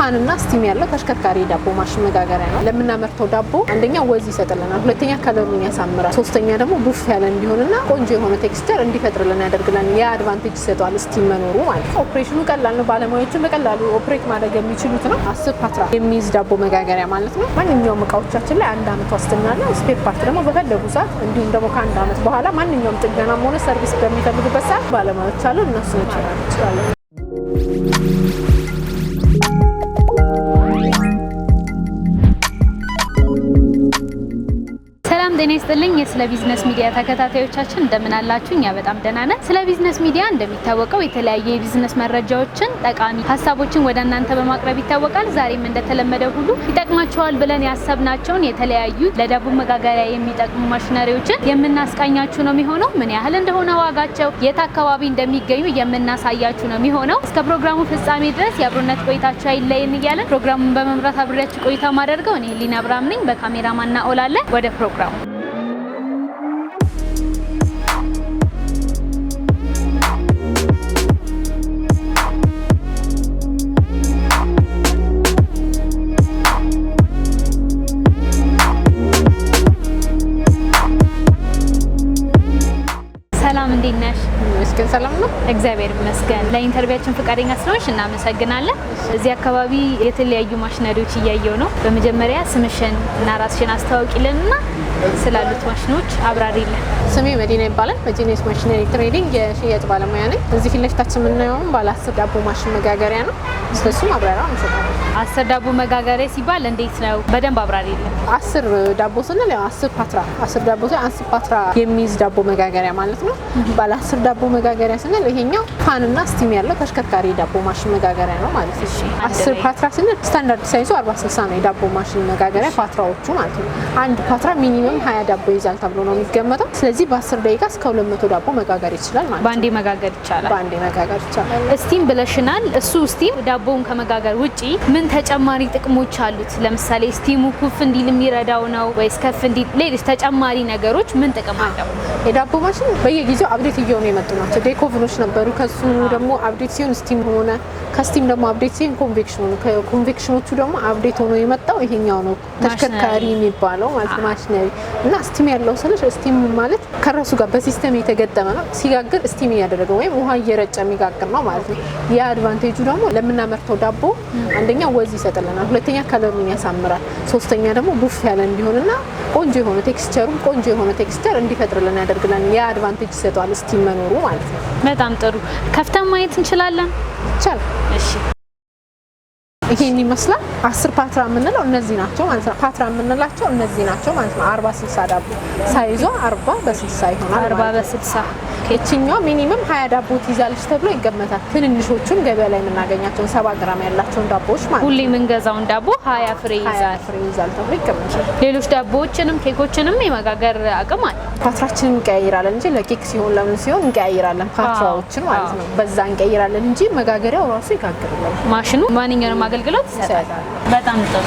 ፓንና ስቲም ያለው ተሽከርካሪ ዳቦ ማሽን መጋገሪያ ነው። ለምናመርተው ዳቦ አንደኛ ወዝ ይሰጥልናል፣ ሁለተኛ ከለሩን ያሳምራል፣ ሶስተኛ ደግሞ ቡፍ ያለ እንዲሆንና ቆንጆ የሆነ ቴክስቸር እንዲፈጥርልን ያደርግለን ያ አድቫንቴጅ ይሰጠዋል ስቲም መኖሩ ማለት ነው። ኦፕሬሽኑ ቀላል ነው። ባለሙያዎችን በቀላሉ ኦፕሬት ማድረግ የሚችሉት ነው። አስር ፓትራ የሚይዝ ዳቦ መጋገሪያ ማለት ነው። ማንኛውም እቃዎቻችን ላይ አንድ አመት ዋስትና አለ። ስፔር ፓርት ደግሞ በፈለጉ ሰዓት እንዲሁም ደግሞ ከአንድ አመት በኋላ ማንኛውም ጥገናም ሆነ ሰርቪስ በሚፈልጉበት ሰዓት ባለሙያዎች አሉ እነሱ ይችላሉ። ጤና ይስጥልኝ። ስለ ቢዝነስ ሚዲያ ተከታታዮቻችን እንደምን አላችሁ? እኛ በጣም ደህና ነን። ስለ ቢዝነስ ሚዲያ እንደሚታወቀው የተለያየ የቢዝነስ መረጃዎችን፣ ጠቃሚ ሀሳቦችን ወደ እናንተ በማቅረብ ይታወቃል። ዛሬም እንደተለመደ ሁሉ ይጠቅማቸዋል ብለን ያሰብናቸውን የተለያዩ ለዳቦ መጋገሪያ የሚጠቅሙ ማሽነሪዎችን የምናስቃኛችሁ ነው የሚሆነው። ምን ያህል እንደሆነ ዋጋቸው፣ የት አካባቢ እንደሚገኙ የምናሳያችሁ ነው የሚሆነው። እስከ ፕሮግራሙ ፍጻሜ ድረስ የአብሮነት ቆይታችሁ አይለይን እያለን ፕሮግራሙን በመምራት አብሬያችሁ ቆይታ ማደርገው እኔ ሊና አብርሃም ነኝ። በካሜራማና ኦላለን ወደ ፕሮግራሙ ለኢንተርቪያችን ፈቃደኛ ስለሆንሽ እናመሰግናለን። እዚህ አካባቢ የተለያዩ ማሽነሪዎች እያየው ነው። በመጀመሪያ ስምሽን እና ራስሽን አስተዋውቂልን እና ስላሉት ማሽኖች አብራሪልን። ስሜ መዲና ይባላል። በጂኒስ ማሽነሪ ትሬዲንግ የሽያጭ ባለሙያ ነኝ። እዚህ ፊት ለፊታችን የምናየውም ባለ አስር ዳቦ ማሽን መጋገሪያ ነው። ስለሱ ማብራሪያ እንሰጣለን። አስር ዳቦ መጋገሪያ ሲባል እንዴት ነው? በደንብ አብራሪ የለም። አስር ዳቦ ስንል ያው አስር ፓትራ፣ አስር ዳቦ ሲሆን አስር ፓትራ የሚይዝ ዳቦ መጋገሪያ ማለት ነው። ባለ አስር ዳቦ መጋገሪያ ስንል ይሄኛው ፋንና ስቲም ያለው ተሽከርካሪ ዳቦ ማሽን መጋገሪያ ነው ማለት ነው። አስር ፓትራ ስንል ስታንዳርድ ሳይዞ አርባ ስልሳ ነው የዳቦ ማሽን መጋገሪያ ፓትራዎቹ ማለት ነው። አንድ ፓትራ ሚኒመም ሀያ ዳቦ ይዛል ተብሎ ነው የሚገመተው። ስለዚህ ስለዚህ በ10 ደቂቃ እስከ 200 ዳቦ መጋገር ይችላል ማለት ነው። ባንዴ መጋገር ይችላል። ባንዴ መጋገር ይችላል። ስቲም ብለሽናል። እሱ ስቲም ዳቦውን ከመጋገር ውጪ ምን ተጨማሪ ጥቅሞች አሉት? ለምሳሌ ስቲሙ ኩፍ እንዲል የሚረዳው ነው ወይስ ከፍ እንዲል፣ ሌሎች ተጨማሪ ነገሮች ምን ጥቅም አለው? የዳቦ ማሽን በየጊዜው አብዴት እየሆኑ የመጡ ናቸው። ዴኮቭኖች ነበሩ። ከሱ ደግሞ አብዴት ሲሆን ስቲም ሆነ። ከስቲም ደግሞ አብዴት ሲሆን ኮንቬክሽን ሆነ። ከኮንቬክሽኖቹ ደግሞ አብዴት ሆኖ የመጣው ይሄኛው ነው ተሽከርካሪ የሚባለው ማለት ማሽነሪ እና ስቲም ያለው ስለሽ ስቲም ማለት ከራሱ ጋር በሲስተም የተገጠመ ነው። ሲጋግር ስቲም እያደረገ ወይም ውሃ እየረጨ የሚጋግር ነው ማለት ነው። ያ አድቫንቴጁ ደግሞ ለምናመርተው ዳቦ አንደኛ ወዝ ይሰጥልናል፣ ሁለተኛ ከለሩን ያሳምራል፣ ሶስተኛ ደግሞ ቡፍ ያለ እንዲሆንና ቆንጆ የሆነ ቴክስቸሩም ቆንጆ የሆነ ቴክስቸር እንዲፈጥርልን ያደርግላል። ያ አድቫንቴጅ ይሰጠዋል ስቲም መኖሩ ማለት ነው። በጣም ጥሩ ከፍተን ማየት እንችላለን። ይቻላል። እሺ ይሄን ይመስላል። አስር ፓትራ የምንለው እነዚህ ናቸው ማለት ነው። ፓትራ የምንላቸው እነዚህ ናቸው ማለት ነው። አርባ ስልሳ ዳቦ ሳይዟ አርባ በስልሳ ይሆናል። አርባ በስልሳ የችኛዋ ሚኒመም ሀያ ዳቦ ትይዛለች ተብሎ ይገመታል። ትንንሾቹን ገበያ ላይ የምናገኛቸውን ሰባ ግራም ያላቸውን ዳቦዎች ማለት ሁሌ የምንገዛውን ዳቦ ሀያ ፍሬ ይዛል ፍሬ ይዛል ተብሎ ይገመታል። ሌሎች ዳቦዎችንም ኬኮችንም የመጋገር አቅም አለ። ፓትራችን እንቀያይራለን እንጂ ለኬክ ሲሆን ለምን ሲሆን እንቀያይራለን፣ ፓትራዎችን ማለት ነው። በዛ እንቀይራለን እንጂ መጋገሪያው ራሱ ይጋግርለን። ማሽኑ ማንኛውንም አገልግሎት ይሰጣል። በጣም ጥሩ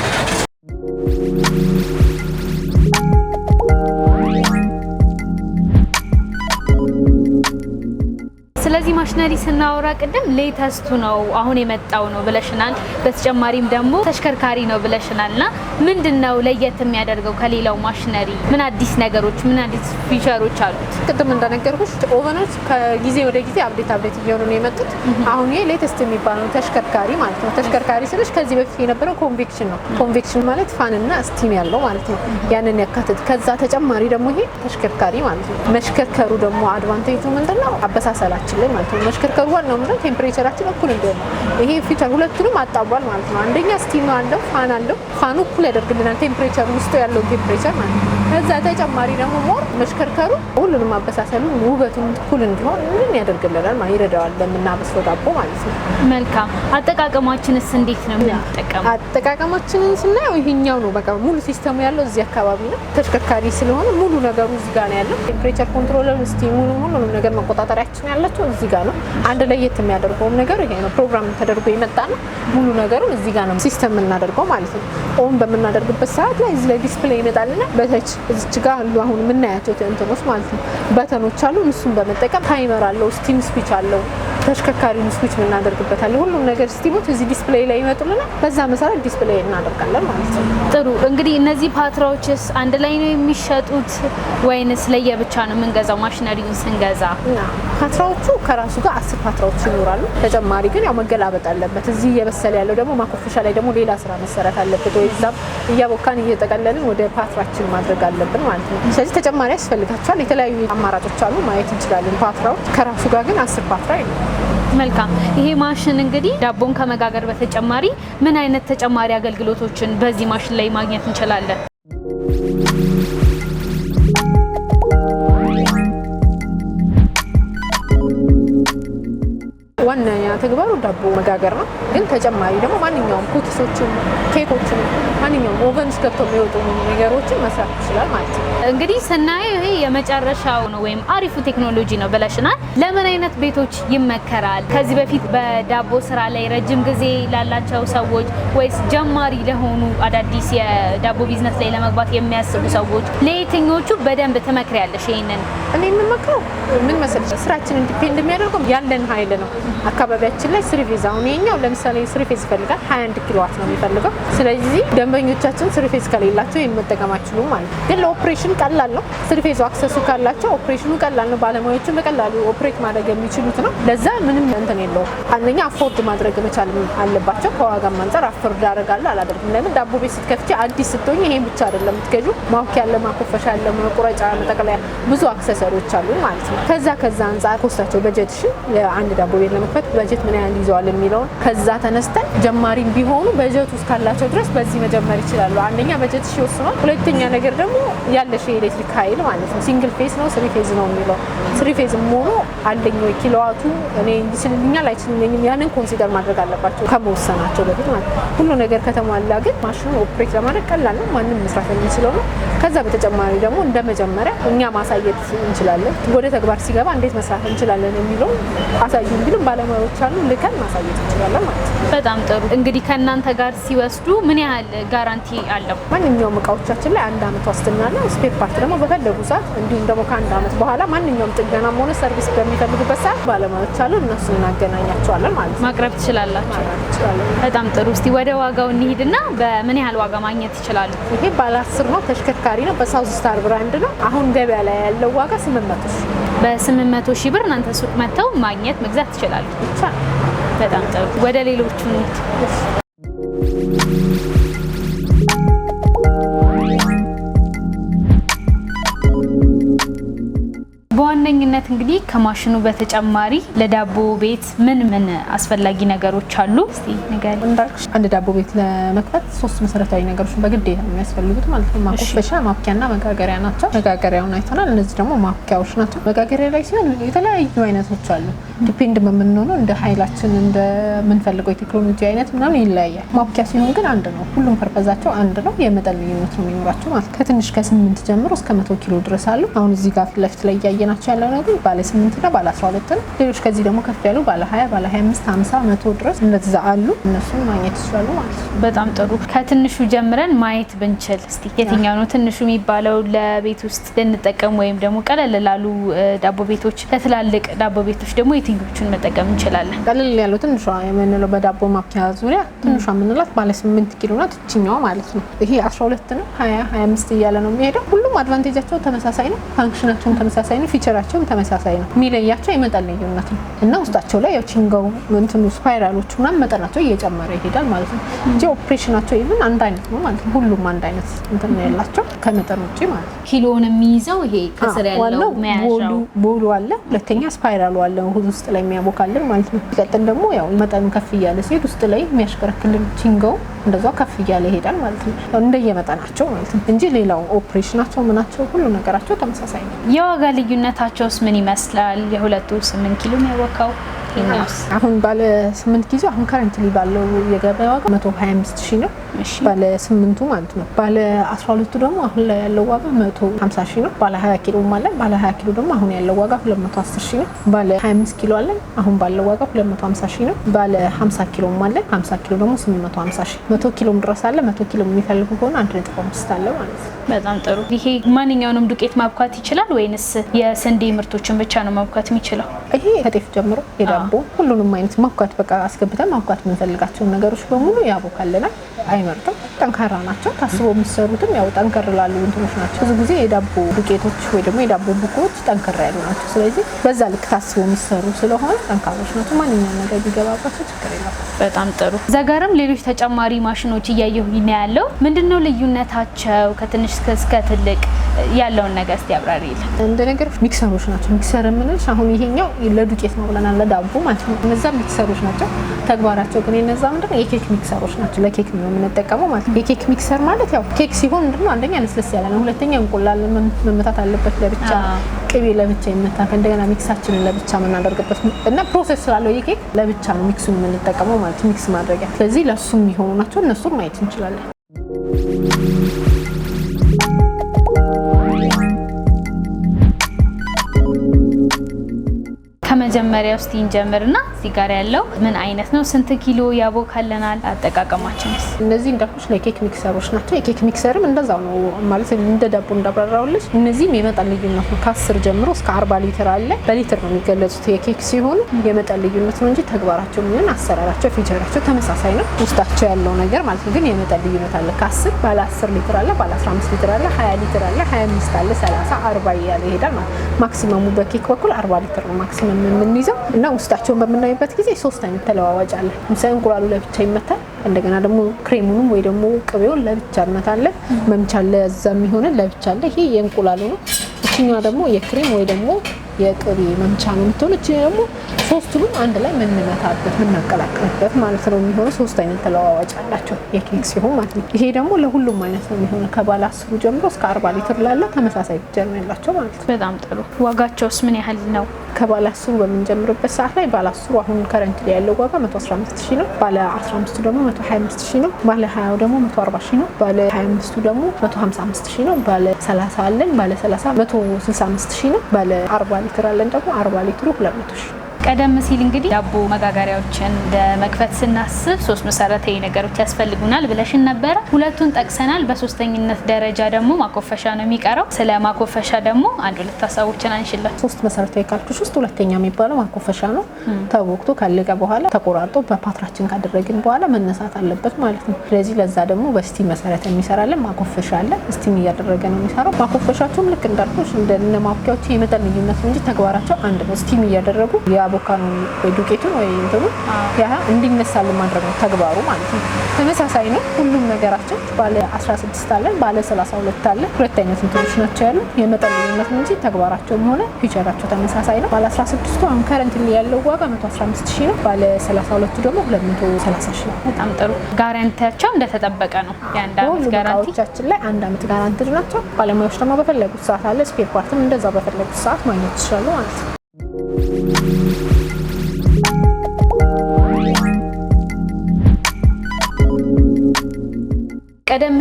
ስለዚህ ማሽነሪ ስናወራ ቅድም ሌተስቱ ነው አሁን የመጣው ነው ብለሽናል። በተጨማሪም ደግሞ ተሽከርካሪ ነው ብለሽናል። ምንድነው ምንድን ነው ለየት የሚያደርገው ከሌላው ማሽነሪ? ምን አዲስ ነገሮች፣ ምን አዲስ ፊቸሮች አሉት? ቅድም እንደነገርኩሽ ኦቨኖች ከጊዜ ወደ ጊዜ አብዴት አብዴት እየሆኑ ነው የመጡት። አሁን ይሄ ሌተስት የሚባለው ተሽከርካሪ ማለት ነው። ተሽከርካሪ ስለሽ ከዚህ በፊት የነበረው ኮንቬክሽን ነው። ኮንቬክሽን ማለት ፋንና ስቲም ያለው ማለት ነው። ያንን ያካትት ከዛ ተጨማሪ ደግሞ ይሄ ተሽከርካሪ ማለት ነው። መሽከርከሩ ደግሞ አድቫንቴጁ ምንድን ነው? አበሳሰላችን ላይ ማለት ነው። መሽከርከሩ ዋናው ምንድነው ቴምፕሬቸራችን እኩል እንዲሆን ይሄ ፊቸር ሁለቱንም አጣቧል ማለት ነው። አንደኛ ስቲም አለው፣ ፋን አለው። ፋኑ እኩል ያደርግልናል ቴምፕሬቸር ውስጡ ያለው ቴምፕሬቸር ማለት ነው። ከዛ ተጨማሪ ደግሞ ሞር መሽከርከሩ ሁሉንም አበሳሰሉ ውበቱን ኩል እንዲሆን ምን ያደርግልናል ማለት ይረዳዋል፣ በምናበስለው ዳቦ ማለት ነው። መልካም አጠቃቀማችንስ እንዴት ነው የምንጠቀመው? አጠቃቀማችንን ስናየው ይሄኛው ነው። በቃ ሙሉ ሲስተሙ ያለው እዚህ አካባቢ ነው። ተሽከርካሪ ስለሆነ ሙሉ ነገሩ እዚህ ጋር ነው ያለው። ቴምፕሬቸር ኮንትሮለር፣ ስቲሙሉ፣ ሁሉንም ነገር መቆጣጠሪያችን ያላቸው እዚህ ጋር ነው። አንድ ለየት የሚያደርገውም ነገር ይሄ ነው። ፕሮግራም ተደርጎ የመጣ ነው። ሙሉ ነገሩን እዚህ ጋር ነው ሲስተም የምናደርገው ማለት ነው። ኦን በምናደርግበት ሰዓት ላይ እዚህ ላይ ዲስፕሌይ ይመጣልና በተች እዚች ጋር አሉ አሁን የምናያቸው እንትኖች ማለት ነው። በተኖች አሉ። እሱን በመጠቀም ታይመር አለው፣ ስቲም ስፒች አለው። ተሽከርካሪውን ስዊች እናደርግበታለን። ሁሉም ነገር ስቲሙት እዚህ ዲስፕሌይ ላይ ይመጡልና በዛ መሰረት ዲስፕሌይ እናደርጋለን ማለት ነው። ጥሩ እንግዲህ እነዚህ ፓትራዎችስ አንድ ላይ ነው የሚሸጡት ወይንስ ለየብቻ ነው የምንገዛው? ማሽነሪውን ስንገዛ ፓትራዎቹ ከራሱ ጋር አስር ፓትራዎች ይኖራሉ። ተጨማሪ ግን ያው መገላበጥ አለበት። እዚህ እየበሰለ ያለው ደግሞ ማኮፈሻ ላይ ደግሞ ሌላ ስራ መሰረት አለበት። ወይ እዛም እያቦካን እየጠቀለልን ወደ ፓትራችን ማድረግ አለብን ማለት ነው። ስለዚህ ተጨማሪ ያስፈልጋቸዋል። የተለያዩ አማራጮች አሉ፣ ማየት እንችላለን ፓትራዎች ከራሱ ጋር ግን አስር ፓትራ ይኖራል። መልካም። ይሄ ማሽን እንግዲህ ዳቦን ከመጋገር በተጨማሪ ምን አይነት ተጨማሪ አገልግሎቶችን በዚህ ማሽን ላይ ማግኘት እንችላለን? ዋነኛ ተግባሩ ዳቦ መጋገር ነው፣ ግን ተጨማሪ ደግሞ ማንኛውም ኩኪሶችን፣ ኬኮችን ማንኛውም ኦቨን ውስጥ ገብተው የሚወጡ ነገሮችን መስራት ይችላል ማለት ነው። እንግዲህ ስናየው ይሄ የመጨረሻው ነው ወይም አሪፉ ቴክኖሎጂ ነው ብለሽናል። ለምን አይነት ቤቶች ይመከራል? ከዚህ በፊት በዳቦ ስራ ላይ ረጅም ጊዜ ላላቸው ሰዎች ወይስ ጀማሪ ለሆኑ አዳዲስ የዳቦ ቢዝነስ ላይ ለመግባት የሚያስቡ ሰዎች ለየትኞቹ በደንብ ትመክሪያለሽ? ይሄንን እኔ የምመክረው ምን መሰለሽ፣ ስራችን ዲፔንድ የሚያደርገው ያለን ሀይል ነው። አካባቢያችን ላይ ስሪፌዝ አሁን የኛው ለምሳሌ ስሪፌዝ ይፈልጋል 21 ኪሎዋት ነው የሚፈልገው ስለዚህ ደንበኞቻችን ስሪፌዝ ከሌላቸው ይህን መጠቀም አይችሉም ማለት ነው። ግን ለኦፕሬሽን ቀላል ነው። ስሪፌዙ አክሰሱ ካላቸው ኦፕሬሽኑ ቀላል ነው። ባለሙያዎችን በቀላሉ ኦፕሬት ማድረግ የሚችሉት ነው። ለዛ ምንም እንትን የለው። አንደኛ አፎርድ ማድረግ መቻል አለባቸው። ከዋጋም አንጻር አፎርድ አደርጋለሁ አላደርግም። ለምን ዳቦ ቤት ስትከፍቼ አዲስ ስትሆኝ ይሄን ብቻ አይደለም የምትገዡ፣ ማውክ ያለ ማኮፈሻ ያለ መቁረጫ፣ መጠቅለያ ብዙ አክሰሰሪዎች አሉ ማለት ነው። ከዛ ከዛ አንጻር ኮስታቸው በጀትሽን ለአንድ ዳቦ ቤት ለመክፈት በጀት ምን ያህል ይዘዋል የሚለውን ከዛ ተነስተን ጀማሪም ቢሆኑ በጀት ውስጥ ካላቸው ድረስ በዚህ መጀመ መጨመር ይችላሉ። አንደኛ በጀት ይወስናል። ሁለተኛ ነገር ደግሞ ያለሽ የኤሌክትሪክ ኃይል ማለት ነው። ሲንግል ፌዝ ነው ስሪ ፌዝ ነው የሚለው ስሪ ፌዝ መሆኑ አለኝ ኪሎዋቱ እኔ ይችልልኛል አይችልልኝም፣ ያንን ኮንሲደር ማድረግ አለባቸው ከመወሰናቸው በፊት ማለት ነው። ሁሉ ነገር ከተሟላ ግን ማሽኑ ኦፕሬት ለማድረግ ቀላል ነው። ማንም መስራት የሚችለው ነው። ከዛ በተጨማሪ ደግሞ እንደ መጀመሪያ እኛ ማሳየት እንችላለን። ወደ ተግባር ሲገባ እንዴት መስራት እንችላለን የሚለው አሳዩ እንግዲህ ባለሙያዎች አሉ፣ ልከን ማሳየት እንችላለን ማለት ነው። በጣም ጥሩ እንግዲህ ከእናንተ ጋር ሲወስዱ ምን ያህል ጋራንቲ አለው። ማንኛውም እቃዎቻችን ላይ አንድ አመት ዋስትና አለ። ስፔር ፓርት ደግሞ በፈለጉ ሰዓት እንዲሁም ደግሞ ከአንድ አመት በኋላ ማንኛውም ጥገና ሆነ ሰርቪስ በሚፈልጉበት ሰዓት ባለሙያዎች አሉ። እነሱ እናገናኛቸዋለን ማለት ነው። ማቅረብ ትችላላቸው። በጣም ጥሩ። እስቲ ወደ ዋጋው እንሂድና በምን ያህል ዋጋ ማግኘት ይችላሉ? ይሄ ባለ አስር ነው፣ ተሽከርካሪ ነው፣ በሳውዝ ስታር ብራንድ ነው። አሁን ገበያ ላይ ያለው ዋጋ ስምንት መቶ ሺህ በስምንት መቶ ሺህ ብር እናንተ ሱቅ መጥተው ማግኘት መግዛት ትችላሉ። በጣም ጥሩ። ወደ ሌሎቹ በዋነኝነት እንግዲህ ከማሽኑ በተጨማሪ ለዳቦ ቤት ምን ምን አስፈላጊ ነገሮች አሉ? አንድ ዳቦ ቤት ለመክፈት ሶስት መሰረታዊ ነገሮች በግዴታ የሚያስፈልጉት ማለት ነው። ማኮፈሻ፣ ማብኪያና መጋገሪያ ናቸው። መጋገሪያውን አይተናል። እነዚህ ደግሞ ማብኪያዎች ናቸው። መጋገሪያ ላይ ሲሆን የተለያዩ አይነቶች አሉ። ዲፔንድ በምንሆነው እንደ ኃይላችን እንደምንፈልገው የቴክኖሎጂ አይነት ምናምን ይለያያል። ማብኪያ ሲሆን ግን አንድ ነው። ሁሉም ፐርፐዛቸው አንድ ነው። የመጠን ልዩነት ነው የሚኖራቸው ማለት ከትንሽ ከስምንት ጀምሮ እስከ መቶ ኪሎ ድረስ አሉ። አሁን እዚህ ጋር ፊት ለፊት ላይ እያየ እያየናቸው ያለው ነገር ባለ ስምንት ና ባለ አስራ ሁለት ነው። ሌሎች ከዚህ ደግሞ ከፍ ያሉ ባለ ሀያ ባለ ሀያ አምስት ሀምሳ መቶ ድረስ እነዛ አሉ። እነሱም ማግኘት ይችላሉ ማለት ነው። በጣም ጥሩ። ከትንሹ ጀምረን ማየት ብንችል እስቲ የትኛው ነው ትንሹ የሚባለው? ለቤት ውስጥ ልንጠቀም ወይም ደግሞ ቀለል ላሉ ዳቦ ቤቶች፣ ለትላልቅ ዳቦ ቤቶች ደግሞ የትኞቹን መጠቀም እንችላለን? ቀለል ያለው ትንሿ የምንለው በዳቦ ማኪያ ዙሪያ ትንሿ የምንላት ባለ ስምንት ኪሎ ናት። ይችኛዋ ማለት ነው። ይሄ አስራ ሁለት ነው። ሀያ ሀያ አምስት እያለ ነው የሚሄደው። ሁሉም አድቫንቴጃቸው ተመሳሳይ ነው። ፋንክሽናቸውን ተመሳሳይ ነው። ፊቸራቸውም ተመሳሳይ ነው። የሚለያቸው የመጠን ልዩነት ነው እና ውስጣቸው ላይ ያው ቺንጋው እንትኑ ስፓይራሎቹ ምናምን መጠናቸው እየጨመረ ይሄዳል ማለት ነው እንጂ ኦፕሬሽናቸው ኢቭን አንድ አይነት ነው ማለት ነው። ሁሉም አንድ አይነት እንትን ያላቸው ከመጠን ውጭ ማለት ነው። ኪሎን የሚይዘው ይሄ ከስር ያለው ቦሉ አለ፣ ሁለተኛ ስፓይራሉ አለ ውስጥ ላይ የሚያቦካልን ማለት ነው። ሲቀጥል ደግሞ ያው መጠኑ ከፍ እያለ ሲሄድ ውስጥ ላይ የሚያሽከረክልን ቺንጋው እንደዛው ከፍ እያለ ይሄዳል ማለት ነው። እንደየመጠናቸው ማለት ነው እንጂ ሌላው ኦፕሬሽናቸው ምናቸው ሁሉ ነገራቸው ተመሳሳይ ነው። የዋጋ ልዩነት ግንኙነታቸውስ ምን ይመስላል? የሁለቱ ስምንት ኪሎ የሚያወካው አሁን ባለ ስምንት ጊዜ አሁን ከረንትሊ ባለው የገበያ ዋጋ መቶ አምስት ሺ ነው ባለ ስምንቱ ማለት ነው። ባለ አስራ ሁለቱ ደግሞ አሁን ላይ ያለው ዋጋ መቶ ሀምሳ ሺ ነው። ባለ ሀያ ኪሎ አለን። ባለ ሀያ ኪሎ ደግሞ አሁን ያለው ዋጋ አስር ሺ ነው። ባለ አምስት ኪሎ አለን። አሁን ባለው ዋጋ ሀምሳ ሺ ነው። ባለ 50 ኪሎ አለን። ሀምሳ ኪሎ ደግሞ ሀምሳ ሺ መቶ ኪሎም ድረስ አለ። መቶ ኪሎ የሚፈልጉ ከሆነ አንድ ነጥብ አምስት አለ ማለት ነው። በጣም ጥሩ። ይሄ ማንኛውንም ዱቄት ማብኳት ይችላል ወይንስ የስንዴ ምርቶችን ብቻ ነው ማብኳት የሚችለው? ይሄ ከጤፍ ጀምሮ ዳቦ፣ ሁሉንም አይነት ማብኳት በቃ አስገብተን ማብኳት የምንፈልጋቸውን ነገሮች በሙሉ ያቦካልናል። አይመርጥም። ጠንካራ ናቸው። ታስቦ የሚሰሩትም ያው ጠንከር ላሉ እንትኖች ናቸው። ብዙ ጊዜ የዳቦ ዱቄቶች ወይ ደግሞ የዳቦ ቡኮዎች ጠንከራ ያሉ ናቸው። ስለዚህ በዛ ልክ ታስቦ የሚሰሩ ስለሆነ ጠንካሮች ናቸው። ማንኛውም ነገር ቢገባባቸው ችግር የለም። በጣም ጥሩ። እዛ ጋርም ሌሎች ተጨማሪ ማሽኖች እያየሁ ያለው። ምንድን ነው ልዩነታቸው? ከትንሽ እስከ ትልቅ ያለውን ነገር እስቲ አብራሪ ይል እንደ ነገር ሚክሰሮች ናቸው። ሚክሰር የምንልሽ አሁን ይሄኛው ለዱቄት ነው ብለናል፣ ለዳቦ የሚያደርጉ ማለት ነው። እነዛ ሚክሰሮች ናቸው። ተግባራቸው ግን የነዛ ምንድነው የኬክ ሚክሰሮች ናቸው። ለኬክ የምንጠቀመው ማለት ነው። የኬክ ሚክሰር ማለት ያው ኬክ ሲሆን ምንድነው አንደኛ ለስለስ ያለ ነው። ሁለተኛ እንቁላል መመታት አለበት ለብቻ፣ ቅቤ ለብቻ ይመታ፣ እንደገና ሚክሳችንን ለብቻ የምናደርግበት እና ፕሮሰስ ስላለው የኬክ ለብቻ ነው ሚክሱን የምንጠቀመው ማለት ሚክስ ማድረጊያ። ስለዚህ ለእሱ የሚሆኑ ናቸው። እነሱን ማየት እንችላለን። መጀመሪያ ውስጥ ና እዚህ ጋር ያለው ምን አይነት ነው? ስንት ኪሎ ያቦካለናል? አጠቃቀማችንስ? እነዚህ እንዳልኩሽ ለኬክ ሚክሰሮች ናቸው። የኬክ ሚክሰርም እንደዛው ነው ማለት እንደ ዳቦ እንዳብራራውልሽ እነዚህም የመጠን ልዩነት ነው። ከአስር ጀምሮ እስከ አርባ ሊትር አለ። በሊትር ነው የሚገለጹት የኬክ ሲሆን የመጠን ልዩነት ነው እንጂ ተግባራቸው የሚሆን አሰራራቸው፣ ፊቸራቸው ተመሳሳይ ነው። ውስጣቸው ያለው ነገር ማለት ነው ግን የመጠን ልዩነት አለ። ከአስር ባለ አስር ሊትር አለ፣ ባለ አስራ አምስት ሊትር አለ፣ ሀያ ሊትር አለ፣ ሀያ አምስት አለ፣ ሰላሳ አርባ እያለ ይሄዳል ማለት ማክሲመሙ በኬክ በኩል አርባ ሊትር ነው ማክሲመም የምንይዘው እና ውስጣቸውን በምናይበት ጊዜ ሶስት አይነት ተለዋዋጭ አለ። ለምሳሌ እንቁላሉ ለብቻ ይመታል። እንደገና ደግሞ ክሬሙንም ወይ ደግሞ ቅቤውን ለብቻ እንመታለን። መምቻ ለዛ የሚሆንን ለብቻ አለ። ይሄ የእንቁላሉ ነው። እችኛ ደግሞ የክሬም ወይ ደግሞ የቅቤ መምቻ ነው የምትሆን። እቺ ደግሞ ሶስቱንም አንድ ላይ የምንመታበት የምናቀላቅልበት ማለት ነው የሚሆነው። ሶስት አይነት ተለዋዋጭ አላቸው የኬክ ሲሆን ማለት ነው። ይሄ ደግሞ ለሁሉም አይነት ነው የሚሆነ ከባለ አስሩ ጀምሮ እስከ አርባ ሊትር ላለ ተመሳሳይ ጀርም ያላቸው ማለት ነው። በጣም ጥሩ። ዋጋቸውስ ምን ያህል ነው? ከባለ አስሩ በምንጀምርበት ሰዓት ላይ ባለ አስሩ አሁን ከረንት ላይ ያለው ዋጋ 115 ሺህ ነው። ባለ 15ቱ ደግሞ 125 ሺ ነው። ባለ 20ው ደግሞ 140 ሺ ነው። ባለ 25ቱ ደግሞ 155 ሺህ ነው። ባለ 30 አለን። ባለ 30 165 ሺህ ነው። ባለ 40 ሊትር አለን ደግሞ አርባ ሊትሩ ሁለት መቶ ሺህ ቀደም ሲል እንግዲህ ዳቦ መጋገሪያዎችን ለመክፈት ስናስብ ሶስት መሰረታዊ ነገሮች ያስፈልጉናል ብለሽን ነበረ። ሁለቱን ጠቅሰናል። በሶስተኝነት ደረጃ ደግሞ ማኮፈሻ ነው የሚቀረው። ስለ ማኮፈሻ ደግሞ አንድ ሁለት ሀሳቦችን አንሽላል። ሶስት መሰረታዊ ካልኩሽ ውስጥ ሁለተኛ የሚባለው ማኮፈሻ ነው። ተቦክቶ ከልቀ በኋላ ተቆራርጦ በፓትራችን ካደረግን በኋላ መነሳት አለበት ማለት ነው። ስለዚህ ለዛ ደግሞ በስቲም መሰረት የሚሰራለን ማኮፈሻ አለ። ስቲም እያደረገ ነው የሚሰራው። ማኮፈሻቸውም ልክ እንዳልኩሽ እንደነ ማብኪያዎች የመጠን ልዩነት ነው እንጂ ተግባራቸው አንድ ነው። ስቲም እያደረጉ ያቦካነውን ወይ ዱቄቱን ወይ እንትኑን ያ እንዲነሳልን ማድረግ ነው ተግባሩ ማለት ነው። ተመሳሳይ ነው ሁሉም ነገራችን። ባለ 16 አለን፣ ባለ 32 አለን። ሁለት አይነት እንትኖች ናቸው ያሉ የመጠን ልዩነት ነው እንጂ ተግባራቸውም ሆነ ፊቸራቸው ተመሳሳይ ነው። ባለ 16ቱ አሁን ከረንት ያለው ዋጋ 115 ሺህ ነው። ባለ 32ቱ ደግሞ 230 ሺህ ነው። በጣም ጥሩ። ጋራንቲያቸው እንደተጠበቀ ነው። የአንድ አመት ጋራንቲዎቻችን ላይ አንድ አመት ጋራንቲ ናቸው። ባለሙያዎች ደግሞ በፈለጉት ሰዓት አለ። ስፔር ፓርትም እንደዛ በፈለጉት ሰዓት ማግኘት ይችላሉ ማለት ነው።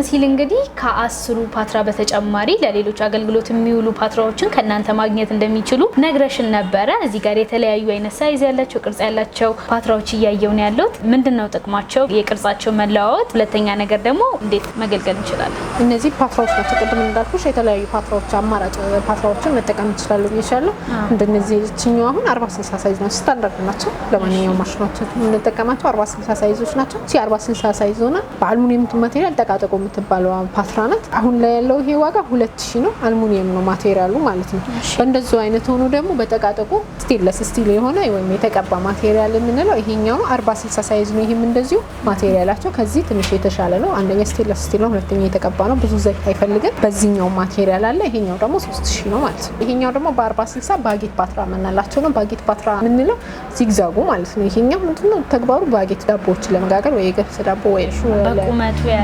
ሲል እንግዲህ ከአስሩ ፓትራ በተጨማሪ ለሌሎች አገልግሎት የሚውሉ ፓትራዎችን ከእናንተ ማግኘት እንደሚችሉ ነግረሽን ነበረ። እዚህ ጋር የተለያዩ አይነት ሳይዝ ያላቸው ቅርጽ ያላቸው ፓትራዎች እያየውን ነው ያለሁት። ምንድን ነው ጥቅማቸው? የቅርጻቸው መለዋወጥ፣ ሁለተኛ ነገር ደግሞ እንዴት መገልገል እንችላለን? እነዚህ ፓትራዎች ናቸው። ቅድም እንዳልኩሽ የተለያዩ ፓትራዎች አማራጭ ፓትራዎችን መጠቀም ይችላሉ ይችላሉ እንደነዚህ ችኛው አሁን አርባ ስልሳ ሳይዝ ነው። ስታንዳርድ ናቸው። ለማንኛውም ማሽኖች የምንጠቀማቸው አርባ ስልሳ ሳይዞች ናቸው። ሲ አርባ ስልሳ ሳይዝ ሆነ በአልሙኒየም ማቴሪያል ጠቃጠቆ የምትባለው ፓትራ ናት። አሁን ላይ ያለው ይሄ ዋጋ ሁለት ሺ ነው። አልሙኒየም ነው ማቴሪያሉ ማለት ነው። በእንደዚሁ አይነት ሆኖ ደግሞ በጠቃጠቁ ስቴንለስ ስቲል የሆነ ወይም የተቀባ ማቴሪያል የምንለው ይሄኛው ነው። አርባ ስልሳ ሳይዝ ነው። ይህም እንደዚሁ ማቴሪያላቸው ከዚህ ትንሽ የተሻለ ነው። አንደኛ ስቴንለስ ስቲል ነው፣ ሁለተኛ የተቀባ ነው። ብዙ ዘይት አይፈልግም። በዚህኛው ማቴሪያል አለ። ይሄኛው ደግሞ ሶስት ሺ ነው ማለት ነው። ይሄኛው ደግሞ በአርባ ስልሳ ባጌት ፓትራ የምንላቸው ነው። ባጌት ፓትራ የምንለው ዚግዛጉ ማለት ነው። ይሄኛው ምንድነው ተግባሩ? ባጌት ዳቦዎችን ለመጋገር ወይ የገብስ ዳቦ ወይ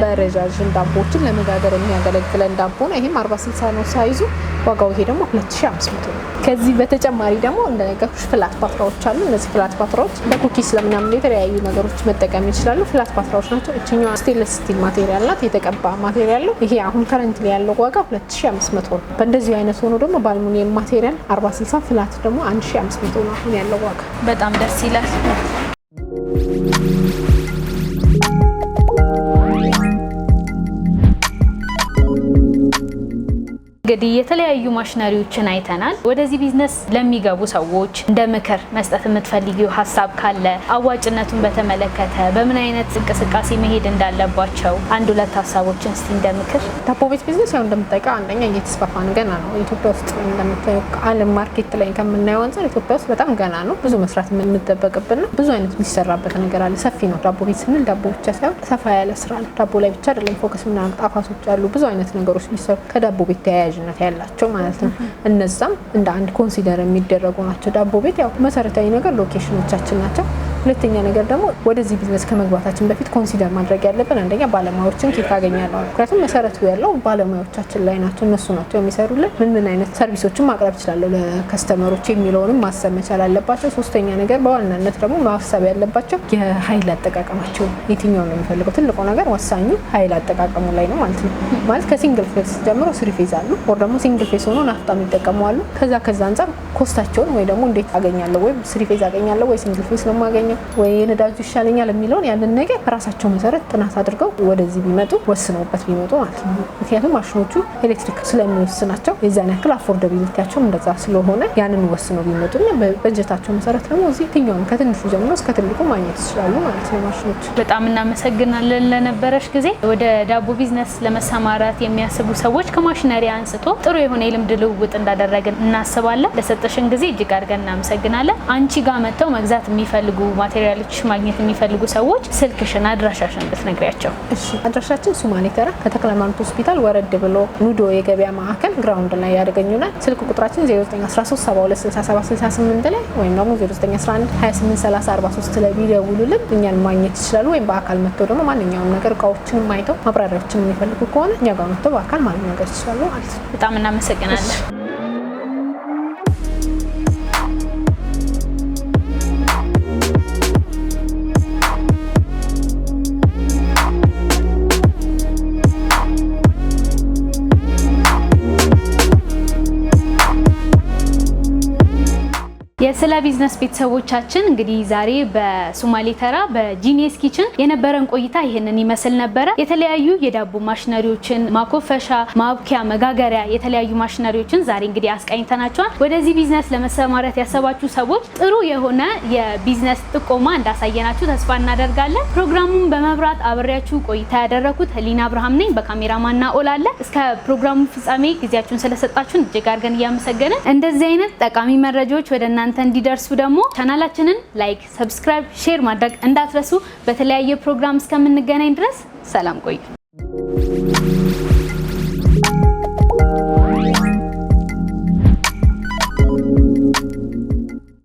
በረዣዥም ዳቦዎችን ለመጋገር የሚያገለግለን ዳቦ ነው። ይህም 46 ነው ሳይዙ ዋጋው ይሄ ደግሞ 2500 ነው። ከዚህ በተጨማሪ ደግሞ እንደነገርኩሽ ፍላት ፓትራዎች አሉ። እነዚህ ፍላት ፓትራዎች ለኩኪስ ለምናምን የተለያዩ ነገሮች መጠቀም ይችላሉ። ፍላት ፓትራዎች ናቸው። እችኛ ስቴንለስ ስቲል ማቴሪያል ናት፣ የተቀባ ማቴሪያል ነው። ይሄ አሁን ከረንት ላይ ያለው ዋጋ 2500 ነው። በእንደዚሁ አይነት ሆኖ ደግሞ በአልሙኒየም ማቴሪያል 46 ፍላት ደግሞ 1500 ነው አሁን ያለው ዋጋ። በጣም ደስ ይላል። እንግዲህ የተለያዩ ማሽነሪዎችን አይተናል። ወደዚህ ቢዝነስ ለሚገቡ ሰዎች እንደ ምክር መስጠት የምትፈልጊው ሀሳብ ካለ አዋጭነቱን በተመለከተ በምን አይነት እንቅስቃሴ መሄድ እንዳለባቸው አንድ ሁለት ሀሳቦችን እስቲ እንደ ምክር። ዳቦ ቤት ቢዝነስ ያው እንደምታውቂው አንደኛ እየተስፋፋን ገና ነው። ኢትዮጵያ ውስጥ እንደምታየው ዓለም ማርኬት ላይ ከምናየው አንጻር ኢትዮጵያ ውስጥ በጣም ገና ነው። ብዙ መስራት የምንጠበቅብን ነው። ብዙ አይነት የሚሰራበት ነገር አለ። ሰፊ ነው። ዳቦ ቤት ስንል ዳቦ ብቻ ሳይሆን ሰፋ ያለ ስራ ነው። ዳቦ ላይ ብቻ አይደለም ፎከስ ምናምን ጣፋሶች አሉ። ብዙ አይነት ነገሮች የሚሰሩ ከዳቦ ቤት ተያያዥ ተያያዥነት ያላቸው ማለት ነው። እነዛም እንደ አንድ ኮንሲደር የሚደረጉ ናቸው። ዳቦ ቤት ያው መሰረታዊ ነገር ሎኬሽኖቻችን ናቸው። ሁለተኛ ነገር ደግሞ ወደዚህ ቢዝነስ ከመግባታችን በፊት ኮንሲደር ማድረግ ያለብን አንደኛ ባለሙያዎችን ኬት ታገኛለሁ። ምክንያቱም መሰረቱ ያለው ባለሙያዎቻችን ላይ ናቸው፣ እነሱ ናቸው የሚሰሩልን። ምን ምን አይነት ሰርቪሶችን ማቅረብ እችላለሁ ለከስተመሮች የሚለውንም ማሰብ መቻል አለባቸው። ሶስተኛ ነገር በዋናነት ደግሞ ማሰብ ያለባቸው የሀይል አጠቃቀማቸው የትኛው ነው የሚፈልገው። ትልቁ ነገር ወሳኙ ሀይል አጠቃቀሙ ላይ ነው ማለት ነው። ማለት ከሲንግል ፌስ ጀምሮ ስሪ ፌዝ አሉ፣ ወር ደግሞ ሲንግል ፌስ ሆኖ ናፍጣም ይጠቀመዋሉ። ከዛ ከዛ አንጻር ኮስታቸውን ወይ ደግሞ እንዴት አገኛለሁ ወይም ስሪ ፌዝ አገኛለሁ ወይ ሲንግል ፌዝ ነው የማገኘው ወይ የነዳጁ ይሻለኛል የሚለውን ያንን ነገር በራሳቸው መሰረት ጥናት አድርገው ወደዚህ ቢመጡ ወስነውበት ቢመጡ ማለት ነው። ምክንያቱም ማሽኖቹ ኤሌክትሪክ ስለሚወስናቸው የዚያን ያክል አፎርደቢሊቲያቸው እንደዛ ስለሆነ ያንን ወስነው ቢመጡና በበጀታቸው መሰረት ደግሞ እዚህ የትኛውም ከትንሹ ጀምሮ እስከ ትልቁ ማግኘት ይችላሉ ማለት ነው ማሽኖች በጣም እናመሰግናለን ለነበረሽ ጊዜ። ወደ ዳቦ ቢዝነስ ለመሰማራት የሚያስቡ ሰዎች ከማሽነሪ አንስቶ ጥሩ የሆነ የልምድ ልውውጥ እንዳደረግን እናስባለን። ለሰጠ ለሰጠሽን ጊዜ እጅግ አድርገን እናመሰግናለን። አንቺ ጋር መጥተው መግዛት የሚፈልጉ ማቴሪያሎች ማግኘት የሚፈልጉ ሰዎች ስልክሽን፣ አድራሻሽን ብትነግሪያቸው። እሺ፣ አድራሻችን ሱማሌ ተራ ከተክለ ሃይማኖት ሆስፒታል ወረድ ብሎ ኑዶ የገበያ ማዕከል ግራውንድ ላይ ያገኙናል። ስልክ ቁጥራችን 0913726768 ላይ ወይም ደግሞ 43 ላይ ቢደውሉልን እኛን ማግኘት ይችላሉ። ወይም በአካል መጥተው ደግሞ ማንኛውም ነገር እቃዎችን አይተው ማብራሪያዎችን የሚፈልጉ ከሆነ እኛ ጋር መጥተው በአካል ማግኘት ይችላሉ ማለት ነው። በጣም እናመሰግናለን። ስለ ቢዝነስ ቤተሰቦቻችን እንግዲህ ዛሬ በሶማሌ ተራ በጂኒየስ ኪችን የነበረን ቆይታ ይህንን ይመስል ነበረ። የተለያዩ የዳቦ ማሽነሪዎችን፣ ማኮፈሻ፣ ማብኪያ፣ መጋገሪያ የተለያዩ ማሽነሪዎችን ዛሬ እንግዲህ አስቃኝተናቸዋል። ወደዚህ ቢዝነስ ለመሰማረት ያሰባችሁ ሰዎች ጥሩ የሆነ የቢዝነስ ጥቆማ እንዳሳየናችሁ ተስፋ እናደርጋለን። ፕሮግራሙን በመብራት አብሬያችሁ ቆይታ ያደረኩት ህሊና አብርሃም ነኝ። በካሜራማና ኦላለ እስከ ፕሮግራሙ ፍጻሜ ጊዜያችሁን ስለሰጣችሁን እጅግ አድርገን እያመሰገንን እንደዚህ አይነት ጠቃሚ መረጃዎች ወደ እናንተ እንዲደርሱ ደግሞ ቻናላችንን ላይክ፣ ሰብስክራይብ፣ ሼር ማድረግ እንዳትረሱ። በተለያየ ፕሮግራም እስከምንገናኝ ድረስ ሰላም ቆዩ።